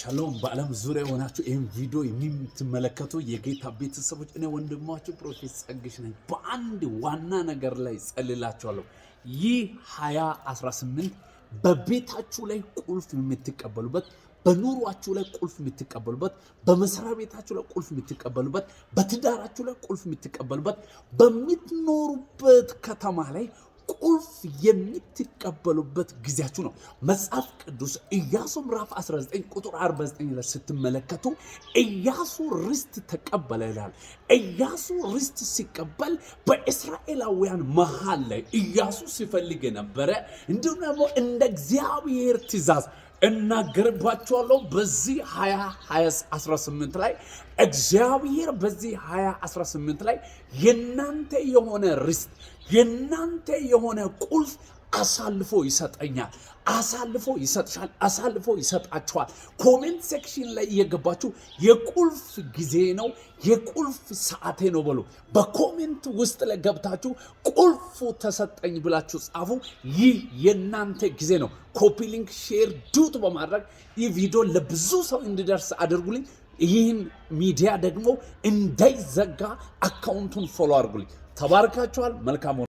ሻሎም በዓለም ዙሪያ የሆናችሁ ይህም ቪዲዮ የምትመለከቱ የጌታ ቤተሰቦች እኔ ወንድማችሁ ፕሮፌት ጸግሽ ነኝ። በአንድ ዋና ነገር ላይ ጸልላችኋለሁ። ይህ 2018 በቤታችሁ ላይ ቁልፍ የምትቀበሉበት፣ በኑሯችሁ ላይ ቁልፍ የምትቀበሉበት፣ በመስሪያ ቤታችሁ ላይ ቁልፍ የምትቀበሉበት፣ በትዳራችሁ ላይ ቁልፍ የምትቀበሉበት፣ በምትኖሩበት ከተማ ላይ ቁልፍ የምትቀበሉበት ጊዜያችሁ ነው። መጽሐፍ ቅዱስ ኢያሱ ምዕራፍ 19 ቁጥር 49 ላይ ስትመለከቱ ኢያሱ ርስት ተቀበለ ይላል። ኢያሱ ርስት ሲቀበል በእስራኤላውያን መሃል ላይ ኢያሱ ሲፈልግ የነበረ እንዲሁም ደግሞ እንደ እግዚአብሔር ትእዛዝ እናገርባቸዋለሁ። በዚህ 2018 ላይ እግዚአብሔር በዚህ 2018 ላይ የናንተ የሆነ ርስት የናንተ የሆነ ቁልፍ አሳልፎ ይሰጠኛል፣ አሳልፎ ይሰጥሻል፣ አሳልፎ ይሰጣችኋል። ኮሜንት ሴክሽን ላይ እየገባችሁ የቁልፍ ጊዜ ነው የቁልፍ ሰዓቴ ነው በሉ። በኮሜንት ውስጥ ላይ ገብታችሁ ቁልፉ ተሰጠኝ ብላችሁ ጻፉ። ይህ የእናንተ ጊዜ ነው። ኮፒ ሊንክ፣ ሼር፣ ዱት በማድረግ ይህ ቪዲዮ ለብዙ ሰው እንዲደርስ አድርጉልኝ። ይህን ሚዲያ ደግሞ እንዳይዘጋ አካውንቱን ፎሎ አድርጉልኝ። ተባርካችኋል። መልካም